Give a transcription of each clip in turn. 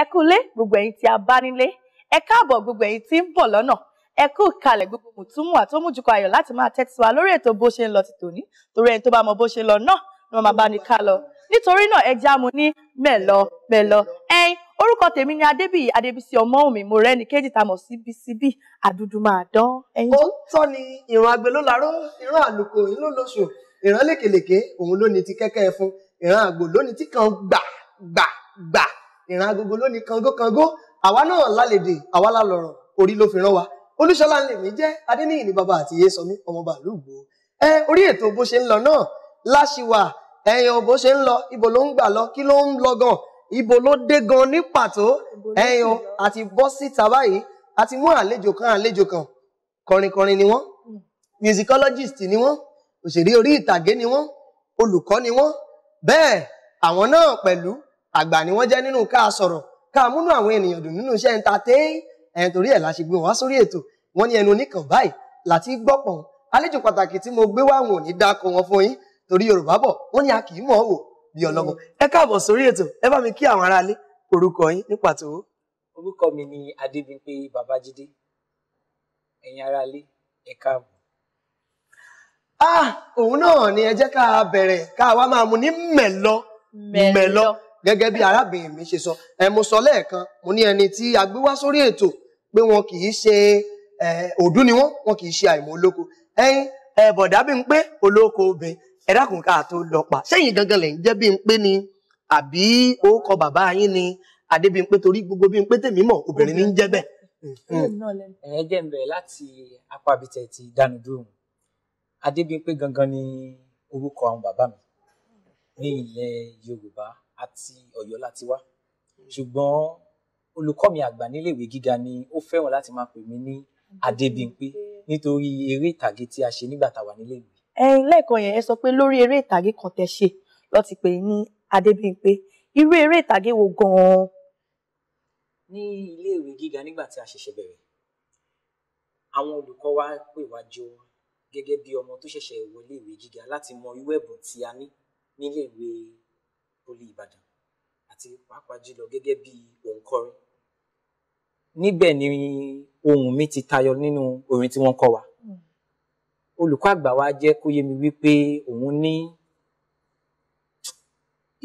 ẹ kú ilé gbogbo ẹ̀yin tí a bá nílé ẹ káàbọ̀ gbogbo ẹ̀yin tí ń bọ̀ lọ́nà ẹ kú kalẹ̀ gbogbo mùtúmù àtọmùjùkọ ayọ̀ láti máa tẹ́tí wa lórí ètò bó ṣe ń lọ ti tòní torí ẹni tó bá mọ bó ṣe lọ náà ni wọ́n máa bá ní ká lọ nítorí náà ẹ já mu ní mẹ́lọ mẹ́lọ ẹ̀yin orúkọ tèmi ni adébíyì adébísí ọmọ òmì mo rẹ́ni kéjì tá a mọ̀ sí bísíbí àdúdú máa dán ẹ̀yin. ó tọ́ ni ìran àgbéló ìran àlùkò ìlú lóṣù ìran lékelèké òun ló ní ti kẹ́kẹ́ fún ìran àgbò ló ní kan gbà gbà gbà ìran agogo lónìí kangó kangó àwa náà lálejò àwa lálọ́rọ̀ orí ló fi rán wa olúṣọlá ń lè mí jẹ́ adéníyì ni bàbá àti yéṣọmí ọmọ bàálù gbò ẹ orí ètò bó ṣe ń lọ náà láṣìwà ẹyàn bó ṣe ń lọ ibo ló ń gbà lọ kí ló ń lọ gan ibo ló dé gan ní pàtó ẹyàn àti bọ́ síta báyìí àti mú àlejò kan àlejò kan kọrinkọrin ni wọ́n hmm. musicologist ni wọ́n òṣèré orí ìtàgé ni wọ́n olùkọ́ ni wọ́n bẹ́ẹ̀ àwọn náà pẹ̀lú àgbà ni wọ́n jẹ́ nínú ká sọ̀rọ̀ ká múnú àwọn ènìyàn dùn nínú iṣẹ́ entertain ẹ̀yìn torí ẹ̀ la ṣe gbé wọn wá sórí ètò wọn ní ẹnu oníkan báyìí láti gbọ́pọ̀ àlejò pàtàkì tí mo gbé wá wọn ò ní dáko wọn fún yín torí Yorùbá bọ̀ wọ́n ní a kì í mọ̀ ọ́ wò bí ọlọ́mọ ẹ káàbọ̀ sórí ètò ẹ bá mi kí àwọn aráalé orúkọ yín ní pàtó. orúkọ mi ni Adébímpé Babájídé ẹ̀yin aráalé ẹ káàbọ̀. ah òun náà ni ẹ jẹ́ ká bẹ̀rẹ̀ ká wá máa mú ní mẹ̀lọ mẹ̀lọ gẹ́gẹ́ bí arábìnrin mi ṣe sọ ẹ mo sọ lẹ́ẹ̀kan mo ní ẹni tí a gbé wá sórí ètò pé wọn kì í ṣe òdú ni wọn wọn kì í ṣe àìmọ̀ olóko ẹ̀yin bọ̀dá bí n pé olóko obìnrin ẹ dákun ká tó lọ pa sẹ́yìn gangan lẹ́yìn jẹ́ bí n pé ni àbí orúkọ bàbá yín ni Adébímpé torí gbogbo bí n pé tèmi mọ̀ obìnrin ní jẹ́ bẹ́ẹ̀. ẹ jẹ́ ń bẹ̀ láti apábitẹ̀ ti dánudúró Adébímpé gangan ni orúkọ àwọn bàbá mi ní ilẹ̀ Yorùbá àti Ọ̀yọ́ láti wá ṣùgbọ́n olùkọ́ mi àgbà níléèwé gíga ni ó fẹ́ràn láti máa pè mí ní Adébímpé nítorí eré ìtàgé tí a ṣe nígbà tá a wà níléèwé. ẹ̀yin lẹ́ẹ̀kan yẹn ẹ sọ pé lórí eré ìtàgé kan tẹ́ ṣe ló ti pè ní Adébímpé irú eré ìtàgé wo gan ní iléèwé gíga nígbà tí a ṣẹ̀ṣẹ̀ bẹ̀rẹ̀ àwọn olùkọ́ wa pè wá jọ gẹ́gẹ́ bí ọmọ tó ṣẹ̀ṣẹ̀ wọlé ìwé gíga láti mọ irú ẹ̀bùn tí a ní níléèwé poli ìbàdàn àti pàápàá jùlọ gẹ́gẹ́ bí òǹkọrin níbẹ̀ ni ohùn mi ti tayọ nínú orin tí wọ́n kọ́ wa olùkọ́ àgbà wa jẹ́ kó yé mi wípé òun ní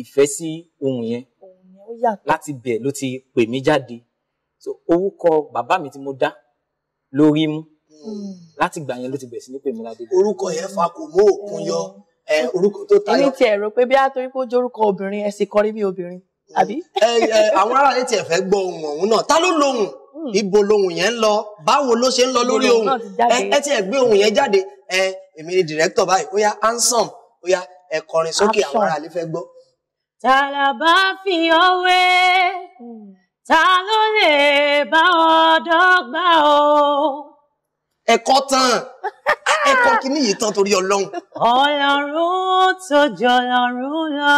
ìfẹ́ sí ohùn yẹn láti bẹ̀ ló ti pè mí jáde so orúkọ bàbá mi tí mo dá lórí mú hmm. láti gbà yẹn ló ti bẹ̀ sí ní pè ládé. orúkọ yẹn fa kò mú òkun yọ orúkọ tó tayọ. èmi tiẹ̀ rò pé bí a torí pé ó jẹ́ orúkọ obìnrin ẹ sì kọrí bí obìnrin àbí. àwọn aráàlú tiẹ̀ fẹ́ gbọ́ ohun ọ̀hún náà ta ló lóhùn hmm. ibo lohùn yẹn ń lọ báwo ló ṣe ń lọ lórí ohùn ẹ tiẹ̀ gbé ohùn yẹn jáde ẹ èmi ni director báyìí ó yá handsome ó yá ẹ kọrin sókè àwọn aráàlú fẹ́ gbọ́. tàlàbà fi ọwé ta ló lè bá ọ dọ́gba o. ẹ̀kọ́ tán kọ́ kíní yìí tán torí ọlọ́run. ọlọ́run tó jọ ọlọ́run lọ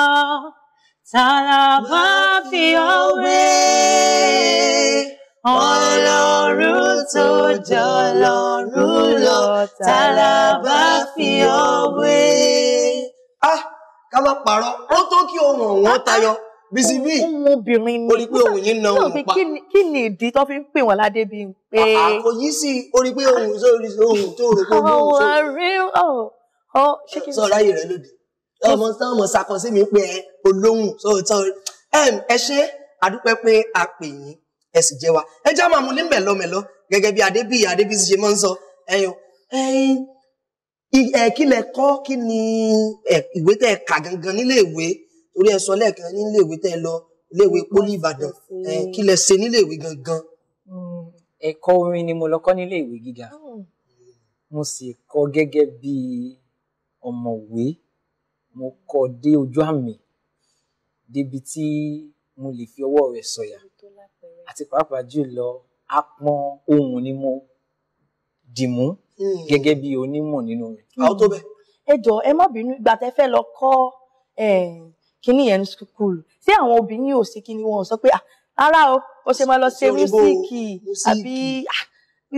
tàlàbà fi ọwé ọlọ́run tó jọ ọlọ́run lọ tàlàbà fi ọwé. a ah, ká má parọ́ ó tó kí ohun ọ̀wọ́n tayọ bísí bí òun obìnrin ni orí pé òun yìí na òun pa kí ni ìdí tó fi ń pè wọn ládé bí n pé. àkó yìí sì orí pé òun tó rí òun tó rò pé òun tó. ọwọ́ rí ọ ọ ṣé kí n. sọ̀rọ̀ ayé rẹ lòdì ọmọ táwọn ṣàkọsí mi pé olóhùn sọ̀rọ̀ táwọn ẹ ṣe àdúpẹ́ pé a pè yín ẹ sì jẹ́ wa ẹ já máa ní mẹ̀lọ́mẹ̀lọ́ gẹ́gẹ́ bí adébíyì adébíyì ṣe máa ń sọ ẹyọ ẹyin kí lẹ kọ́ kí ni ìwé tẹ kà gangan nílé ìwé torí ẹ sọ lẹ́ẹ̀kan ní iléèwé tẹ́ ẹ lọ iléèwé poli ìbàdàn kí lẹ ṣe níléèwé gangan. Hmm, ẹ̀kọ́ orin ni mo lọ kọ́ níléèwé gíga hmm. mo sì kọ́ gẹ́gẹ́ bí ọ̀mọ̀wé mo kọ́ dé ojú àmì débi tí mo lè fi ọwọ́ rẹ̀ sọ̀yà àti pàápàá jùlọ apọn ohun ni mo dìmú hmm. gẹ́gẹ́ bí onímọ̀ nínú rẹ̀. àwọn tó bẹ̀. ẹ jọ ẹ má bínú ìgbà tẹ́ lọ kọ́ kíní yẹn ní school ṣé àwọn obìnrin ò sí kíní wọn ò sọ pé ah, rárá o ó ṣe máa lọ ṣe músíìkì àbí ah,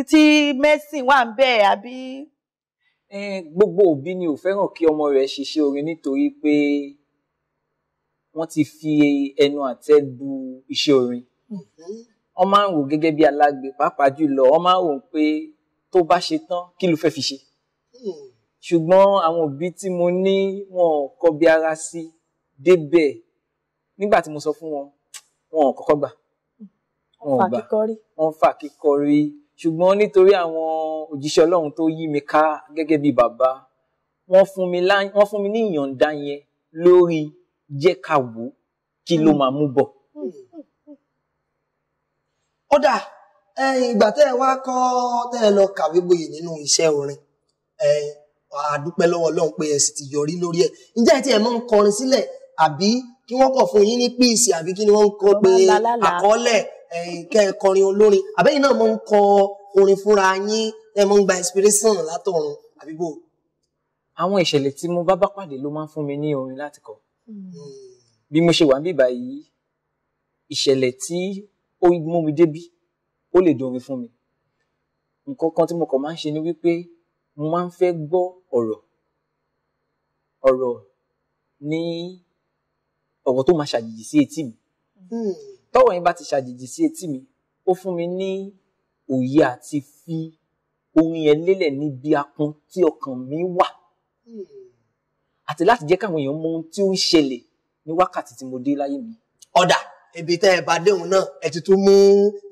tí mẹ́sìn wà ń bẹ̀ àbí. gbogbo òbí ni ò fẹ́ràn kí ọmọ rẹ̀ ṣiṣẹ́ orin nítorí pé wọ́n ti fi ẹnu àtẹ́ bu iṣẹ́ orin wọ́n máa ń wò gẹ́gẹ́ bí alágbe pàápàá jùlọ wọ́n máa ń wò pé tó bá ṣe tán kí ló fẹ́ fi ṣe hmm. ṣùgbọ́n àwọn òbí tí mo ní wọn ò kọbi ara sí débẹ̀ nígbà tí mo sọ fún wọn wọn ò kọ́kọ́ gbà wọn ò gbà wọn fà kíkọrí ṣùgbọ́n nítorí àwọn òjíṣẹ́ Ọlọ́run tó yí mi ká gẹ́gẹ́ bí bàbá wọ́n fún mi lá wọ́n fún mi ní ìyọ̀ǹda yẹn lórí jẹ́ ká wò ó kí ló máa mú bọ̀. ó dà ìgbà tẹ́ ẹ wá kọ́ tẹ́ ẹ lọ kàwé gboyè nínú iṣẹ́ orin àdúpẹ́ lọ́wọ́ Ọlọ́run pé ẹ sì ti yọrí lórí ẹ̀ ǹjẹ́ ẹ ti ẹ̀ mọ́ ń kọrin sílẹ̀ àbí kí wọ́n kàn fún yín ní píìsì àbí kí ni wọ́n ń kọ pé àkọọ́lẹ̀ kẹkọrin olórin àbẹ́yìn náà mọ̀ ń kọ orin fúnra yín ẹ mọ̀ ń gba inspiration látọ̀run àbí bò. àwọn ìṣẹ̀lẹ̀ tí mo bá bá pàdé ló máa ń fún mi ní orin láti kọ hmm. bí mo ṣe wà níbí báyìí ìṣẹ̀lẹ̀ tí ó mú mi débí ó lè dorin fún mi nǹkan kan tí mo kàn máa ń ṣe ni wípé mo máa ń fẹ́ gbọ́ ọ̀rọ̀ ọ̀rọ̀ ní. Ni ọ̀rọ̀ tó máa ṣàjèjì sí etí mi hmm. tọ́rọ̀ yẹn bá ti ṣàjèjì sí etí mi ó fún mi ní òye àti fi orin yẹn lélẹ̀ níbi apọn tí ọkàn mi wà hmm. àti láti jẹ́ káwọn èèyàn mọ ohun tí ó ń ṣẹlẹ̀ ní wákàtí tí mo dé láyé mi. ọ̀dà ibi tẹ́ ẹ bá déhùn náà ẹ ti tún mú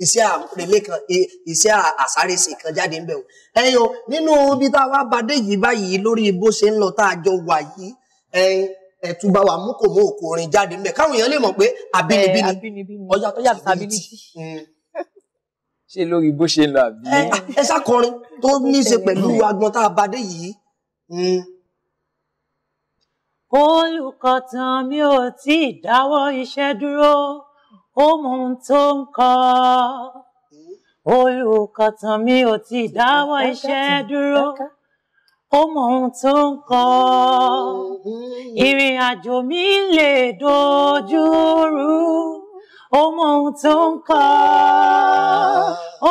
iṣẹ́ àmúrelé kan iṣẹ́ àsárèsè kan jáde ńbẹ̀ o. ẹyin o nínú ibi tá a wá bá dé yìí báyìí lórí bó ṣe ń lọ tá a jọ wà yìí ẹ̀tún bá wa mú kò mú òkò orin jáde ńbẹ̀ káwọn èèyàn lè mọ̀ pé àbínibí eh, ọjà tó yàtọ̀ àbínibí hmm. ṣe lórí bó ṣe ń lọ àbí. Eh, ẹ ṣàkọrin tó ní í ṣe pẹ̀lú eh. agbọn tá a bá dé yìí. Hmm. olùkọ̀tàn mi ò tí ì dáwọ́ iṣẹ́ dúró ó mọ ohun tó ń kọ. Hmm. olùkọ̀tàn mi ò tí ì dáwọ́ iṣẹ́ dúró ó mọ ohun tó ń kọ ìrìn àjò mi lè dojú rú ó mọ kọ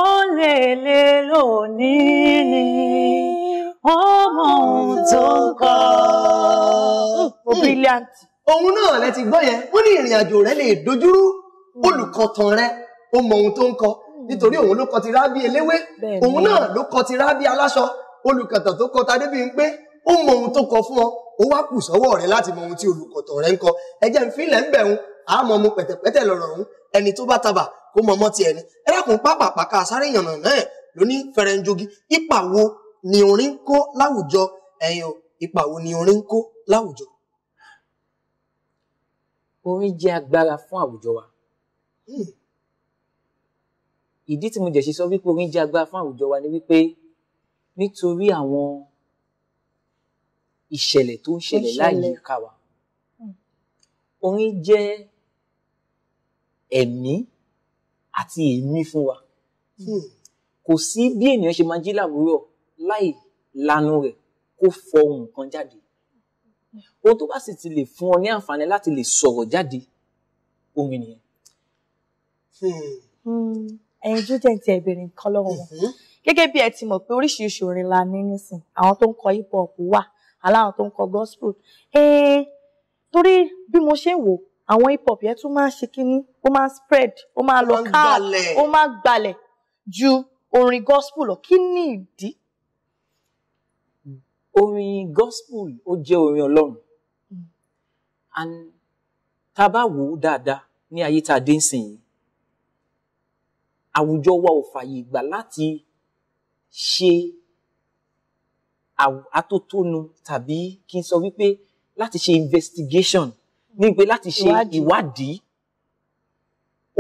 ó lè lè lónìí ni ó mọ ohun tó brilliant. òun náà lẹ ti gbọ́ yẹn ó ní ìrìn àjò rẹ lè dojúrú hmm. olùkọ́tàn rẹ ó mọ ohun tó ń kọ hmm. nítorí òun ló kọ ti rábí eléwé òun náà ló kọ ti rábí aláṣọ olùkàtà tó kọ tadé bíi pé ó mọ ohun tó kọ fún ọ ó wá kù sọ́wọ́ rẹ láti mọ ohun tí olùkọ̀tọ̀ rẹ ń kọ ẹjẹ ń filẹ̀ ń bẹ̀rùn àmọ́ mu pẹ̀tẹ̀pẹ̀tẹ̀ lọ̀rọ̀ ọ̀hún ẹni tó bá tabà kó mọ ọmọ tiẹ̀ ni ẹ dákun pápápá ká sáré yànnà náà lóní fẹrẹnjogi ipa wo ni orin ń kó láwùjọ ẹ̀yin o ipa wo ni orin ń kó láwùjọ. orin jẹ́ agbára fún àwùjọ wa hmm. ìdí tí mo jẹ̀ ṣe sọ wípé orin jẹ́ agbára fún àwùjọ wa ni wípé. Hmm nítorí àwọn ìṣẹ̀lẹ̀ tó ń ṣẹlẹ̀ láyìíká wa hmm. orin jẹ́ ẹ̀mí àti èémí fún wa hmm. kò sí bí ènìyàn ṣe máa jí làwúrọ̀ láì lanu rẹ̀ kó fọ ohun kan jáde ohun tó bá sì ti lè fún ọ ní àǹfààní láti lè sọ̀rọ̀ jáde orin nìyẹn. Hmm. ẹ̀yin jù ti ẹ̀bẹ̀rẹ̀ nǹkan lọ́wọ́ wọn mm-hmm gẹ́gẹ́ bí ẹ ti mọ̀ pé oríṣiríṣi orin la ní nísìn àwọn tó ń kọ hip hop wà aláwọn tó ń kọ gospel ẹ̀ẹ́n torí bí mo ṣe ń wò àwọn hip hop yẹn tún máa ń ṣe kínní ó máa ń spread ó máa lọ káà ó máa ń gbalẹ̀ ju orin gospel lọ kí ni ìdí. orin gospel ó jẹ́ orin ọlọ́run hmm. and tá a bá wò ó dáadáa ní ayé tá a dé ń sìn yìí àwùjọ wa ò fààyè gbà láti ṣe atótónu tàbí kí n sọ wípé láti ṣe investigation ní pé láti ṣe ìwádìí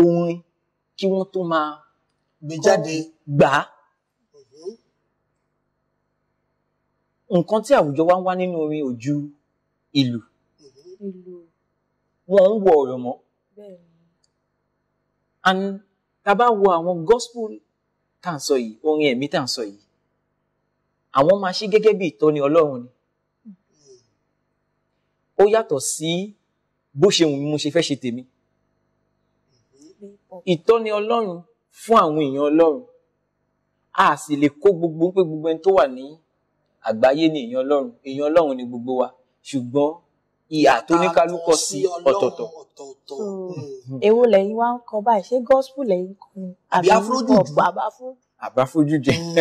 orin kí wọ́n tó máa gbé jáde gbà á. Mm-hmm. nǹkan tí àwùjọ wa ń wá nínú orin ojú ìlú wọn ń wọ ọ̀rọ̀ mọ́ and tá a bá wo àwọn gospel tá à ń sọ yìí orin ẹ̀mí tá à ń sọ yìí àwọn máa ṣe gẹ́gẹ́ bí ìtọ́ni ọlọ́run ni ó yàtọ̀ sí bó ṣe wù mí mo ṣe fẹ́ ṣe tèmi ìtọ́ni ọlọ́run fún àwọn èèyàn ọlọ́run a sì lè kó gbogbo pé gbogbo ẹni tó wà ní àgbáyé ni èèyàn ọlọ́run èèyàn ọlọ́run ni gbogbo wa ṣùgbọ́n ìhà tó ní kálukọ sí ọ̀tọ̀ọ̀tọ̀. Hmm. Hmm. èwo lẹ́yìn wá ń kọ báyìí ṣé gospel lẹ́yìn kọ ni àbí ọ̀pọ̀ àbáfún. àbáfójú jẹ. Hmm.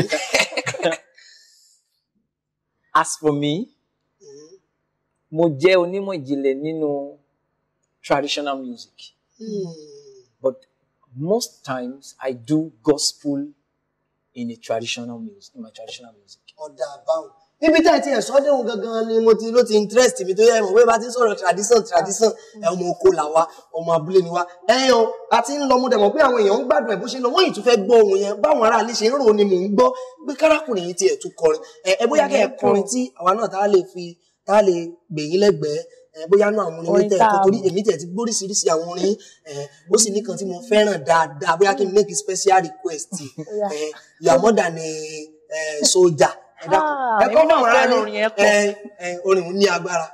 as for me mm. mo jẹ́ onímọ̀ ìjìnlẹ̀ nínú traditional music but most times I do gospel in a traditional music in my traditional music. ọ̀dà àbáwọ̀ níbi tẹ́ ẹ ti ẹ̀sọ́ déhùn gangan ni mo ti ló ti interest mi tó yẹ ẹ̀mọ̀ wíwá ti sọ̀rọ̀ tradition tradition ọmọ oko là wa ọmọ abúlé ni wa ẹ̀yàn àti ń lọ mo dẹ̀ mọ̀ pé àwọn èèyàn ń gbádùn ẹ̀ bó ṣe lọ wọ́n yìí tún fẹ́ gbọ́ ohun yẹn báwọn aráàlú ṣe ń rò ni mò ń gbọ́ pé kárákùnrin yìí ti ẹ̀ tún kọrin ẹ bóyá kẹ́ ẹ kọrin tí àwa náà tá a lè fi tá a lè gbèyìn lẹ́gbẹ̀ẹ́ bóyá náà àwọn orin tẹ̀ tó torí èmi tẹ̀ ti gbóríṣiríṣi àwọn orin ó sì nìkan tí mo fẹ́ràn dáadáa bóyá kí n make special request your mother ni soldier Ah, ẹ kọ́ fún ara ní orin ní agbára.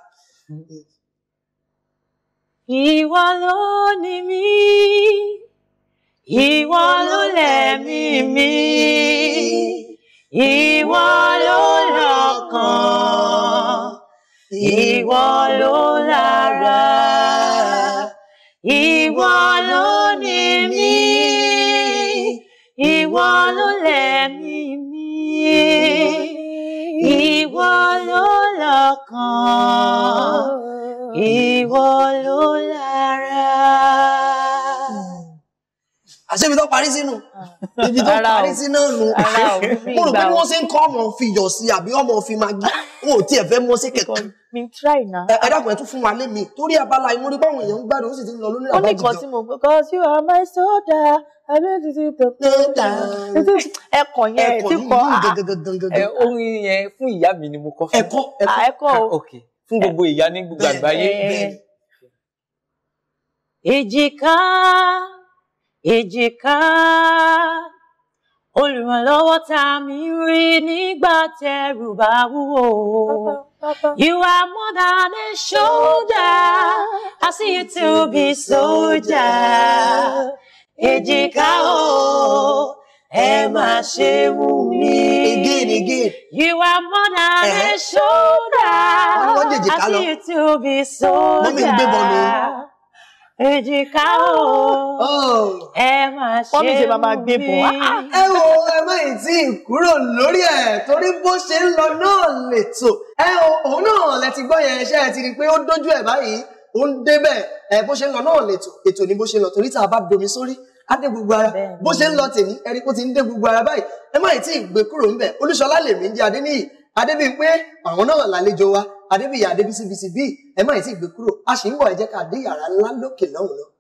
Ìwọ ló ní mí, ìwọ ló lẹ̀mí mi, ìwọ ló lọ́kàn, ìwọ ló lára, ìwọ ló ní mí, ìwọ ló lẹ̀mí mi ìwọ ló lọ́kàn ìwọ ló lára. àṣé mi tó parí sínú ibi tó parí sí náà nù mo rò pé bí wọ́n ṣe ń kọ́ ọmọ fi yọ̀ sí àbí ọmọ fi máa gbá wọn ò tiẹ̀ fẹ́ mọ́ sí kẹ̀kẹ́. mi try na. ẹ dákun ẹ tún fún wa lé mi torí abala ìmúrí báwọn èèyàn ń gbádùn ó sì ti ń lọ lórí àbájọ. ó ní kan tí mo gbọ́ cause you are my soda abẹ́títí tọ́tọ́tà ẹ̀kọ́ yẹn ti kọ́ ah. orin yẹn fún ìyá mi ni mo kọ́ ah, ah, fún gbogbo ìyá ní gbogbo àgbáyé. èjìká èjìká olùrànlọ́wọ́ tá mi rí nígbà tẹ́rù bá wúwo. You are more than a shoulder, I see you to be soldier. Èjìká o, ẹ má ṣe wù mí. Again, again. You are more than a shoulder, I see you to be soldier. Mọ́mí ń gbé bọ́ọ̀lù èjìká o oh. ẹ máa ṣe mí. ṣe máa gbé ah, ah. ẹ wo ẹ má yìí tí ì kúrò lórí ẹ̀ torí bó ṣe ń lọ náà lètò ẹ o òun náà lẹ ti gbọ́ yẹn ṣe ẹ ti rí i pé ó dójú ẹ̀ báyìí ó ń débẹ̀ ẹ bó ṣe ń lọ náà lètò ètò ni bó ṣe ń lọ torí tá a bá domi sórí á dé gbogbo ara bó ṣe ń lọ tèmi ẹ rí ti ń dé gbogbo ara báyìí ẹ má yìí tí ì gbé kúrò ńbẹ̀ Olúṣọlá lèmi ń jẹ Adéníyì Adébíyí pé àwọn náà làlejò wa adébíyì adébísí bísí bíi ẹ má yìí sì gbé kúrò a sì ń bọ̀ ẹ jẹ́ ká dé yàrá ńlá lókè lọ́hùn-ún náà